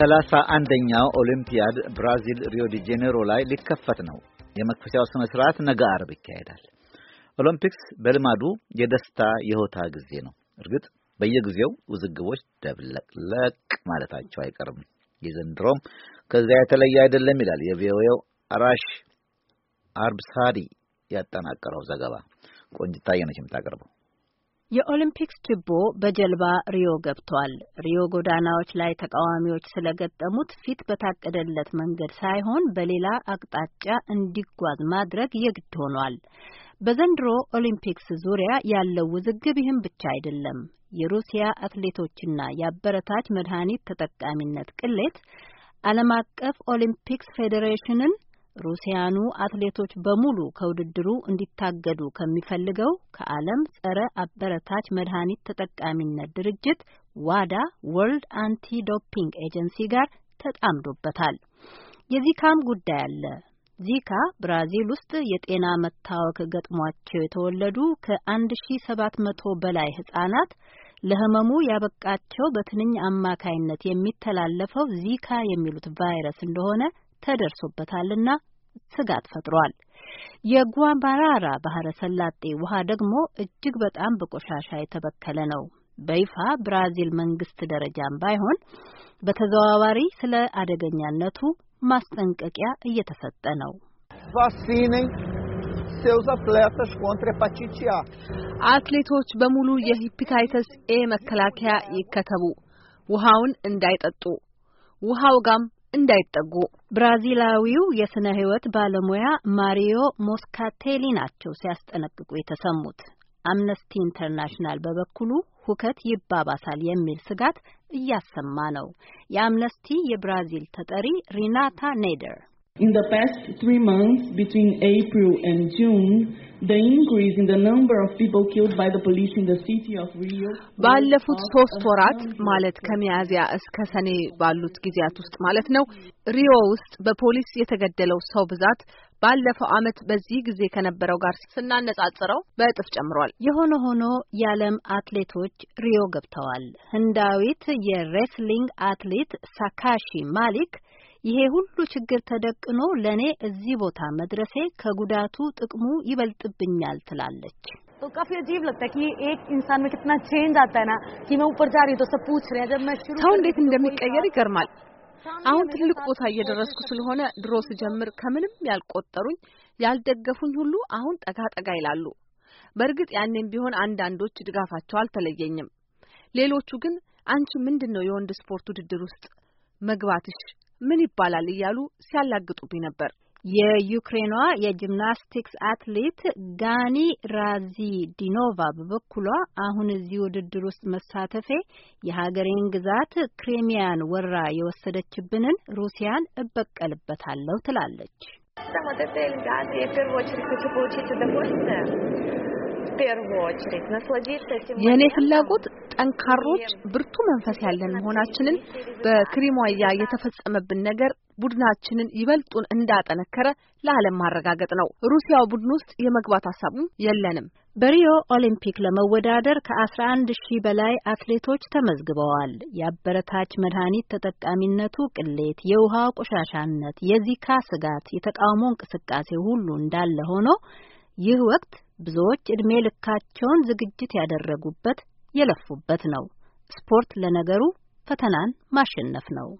ሰላሳ አንደኛው ኦሊምፒያድ ብራዚል ሪዮ ዲ ጄኔሮ ላይ ሊከፈት ነው። የመክፈቻው ስነ ስርዓት ነገ አርብ ይካሄዳል። ኦሎምፒክስ በልማዱ የደስታ የሆታ ጊዜ ነው። እርግጥ በየጊዜው ውዝግቦች ደብለቅለቅ ማለታቸው አይቀርም። የዘንድሮም ከዚያ የተለየ አይደለም ይላል የቪኦኤው አራሽ አርብሳሪ ያጠናቀረው ዘገባ። ቆንጅታዬ ነች የምታቀርበው። የኦሊምፒክስ ችቦ በጀልባ ሪዮ ገብቷል። ሪዮ ጎዳናዎች ላይ ተቃዋሚዎች ስለገጠሙት ፊት በታቀደለት መንገድ ሳይሆን በሌላ አቅጣጫ እንዲጓዝ ማድረግ የግድ ሆኗል። በዘንድሮ ኦሊምፒክስ ዙሪያ ያለው ውዝግብ ይህም ብቻ አይደለም። የሩሲያ አትሌቶችና የአበረታች መድኃኒት ተጠቃሚነት ቅሌት ዓለም አቀፍ ኦሊምፒክስ ፌዴሬሽንን ሩሲያኑ አትሌቶች በሙሉ ከውድድሩ እንዲታገዱ ከሚፈልገው ከዓለም ጸረ አበረታች መድኃኒት ተጠቃሚነት ድርጅት ዋዳ ወርልድ አንቲ ዶፒንግ ኤጀንሲ ጋር ተጣምዶበታል። የዚካም ጉዳይ አለ። ዚካ ብራዚል ውስጥ የጤና መታወክ ገጥሟቸው የተወለዱ ከ1700 በላይ ህጻናት ለህመሙ ያበቃቸው በትንኝ አማካይነት የሚተላለፈው ዚካ የሚሉት ቫይረስ እንደሆነ ተደርሶበታልና ስጋት ፈጥሯል። የጓምባራራ ባህረ ሰላጤ ውሃ ደግሞ እጅግ በጣም በቆሻሻ የተበከለ ነው። በይፋ ብራዚል መንግስት ደረጃም ባይሆን በተዘዋዋሪ ስለ አደገኛነቱ ማስጠንቀቂያ እየተሰጠ ነው። አትሌቶች በሙሉ የሂፒታይተስ ኤ መከላከያ ይከተቡ፣ ውሃውን እንዳይጠጡ፣ ውሃው ጋም እንዳይጠጉ ብራዚላዊው የስነ ህይወት ባለሙያ ማሪዮ ሞስካቴሊ ናቸው ሲያስጠነቅቁ የተሰሙት። አምነስቲ ኢንተርናሽናል በበኩሉ ሁከት ይባባሳል የሚል ስጋት እያሰማ ነው። የአምነስቲ የብራዚል ተጠሪ ሪናታ ኔደር In the past three months between April and June, ባለፉት ሶስት ወራት ማለት ከሚያዝያ እስከ ሰኔ ባሉት ጊዜያት ውስጥ ማለት ነው ሪዮ ውስጥ በፖሊስ የተገደለው ሰው ብዛት ባለፈው ዓመት በዚህ ጊዜ ከነበረው ጋር ስናነጻጽረው በእጥፍ ጨምሯል። የሆነ ሆኖ የዓለም አትሌቶች ሪዮ ገብተዋል። ህንዳዊት የሬስሊንግ አትሌት ሳካሺ ማሊክ ይሄ ሁሉ ችግር ተደቅኖ ለእኔ እዚህ ቦታ መድረሴ ከጉዳቱ ጥቅሙ ይበልጥብኛል ትላለች። तो काफी अजीब लगता है कि एक इंसान में कितना चेंज आता है ना कि मैं ऊपर जा रही हूँ तो सब पूछ रहे हैं जब मैं शुरू ሰው እንዴት እንደሚቀየር ይገርማል። አሁን ትልቅ ቦታ እየደረስኩ ስለሆነ ድሮ ስጀምር ከምንም ያልቆጠሩኝ ያልደገፉኝ ሁሉ አሁን ጠጋ ጠጋ ይላሉ። በእርግጥ ያኔም ቢሆን አንዳንዶች ድጋፋቸው አልተለየኝም። ሌሎቹ ግን አንቺ ምንድን ነው የወንድ ስፖርት ውድድር ውስጥ መግባትሽ ምን ይባላል እያሉ ሲያላግጡብኝ ነበር። የዩክሬኗ የጂምናስቲክስ አትሌት ራዚ ራዚዲኖቫ በበኩሏ አሁን እዚህ ውድድር ውስጥ መሳተፌ የሀገሬን ግዛት ክሬሚያን ወራ የወሰደችብንን ሩሲያን እበቀልበታለሁ ትላለች። የእኔ ፍላጎት ጠንካሮች፣ ብርቱ መንፈስ ያለን መሆናችንን በክሪሞያ የተፈጸመብን ነገር ቡድናችንን ይበልጡን እንዳጠነከረ ለዓለም ማረጋገጥ ነው። ሩሲያው ቡድን ውስጥ የመግባት ሀሳቡም የለንም። በሪዮ ኦሊምፒክ ለመወዳደር ከ11 ሺህ በላይ አትሌቶች ተመዝግበዋል። የአበረታች መድኃኒት ተጠቃሚነቱ ቅሌት፣ የውሃ ቆሻሻነት፣ የዚካ ስጋት፣ የተቃውሞ እንቅስቃሴ ሁሉ እንዳለ ሆኖ ይህ ወቅት ብዙዎች እድሜ ልካቸውን ዝግጅት ያደረጉበት የለፉበት ነው። ስፖርት ለነገሩ ፈተናን ማሸነፍ ነው።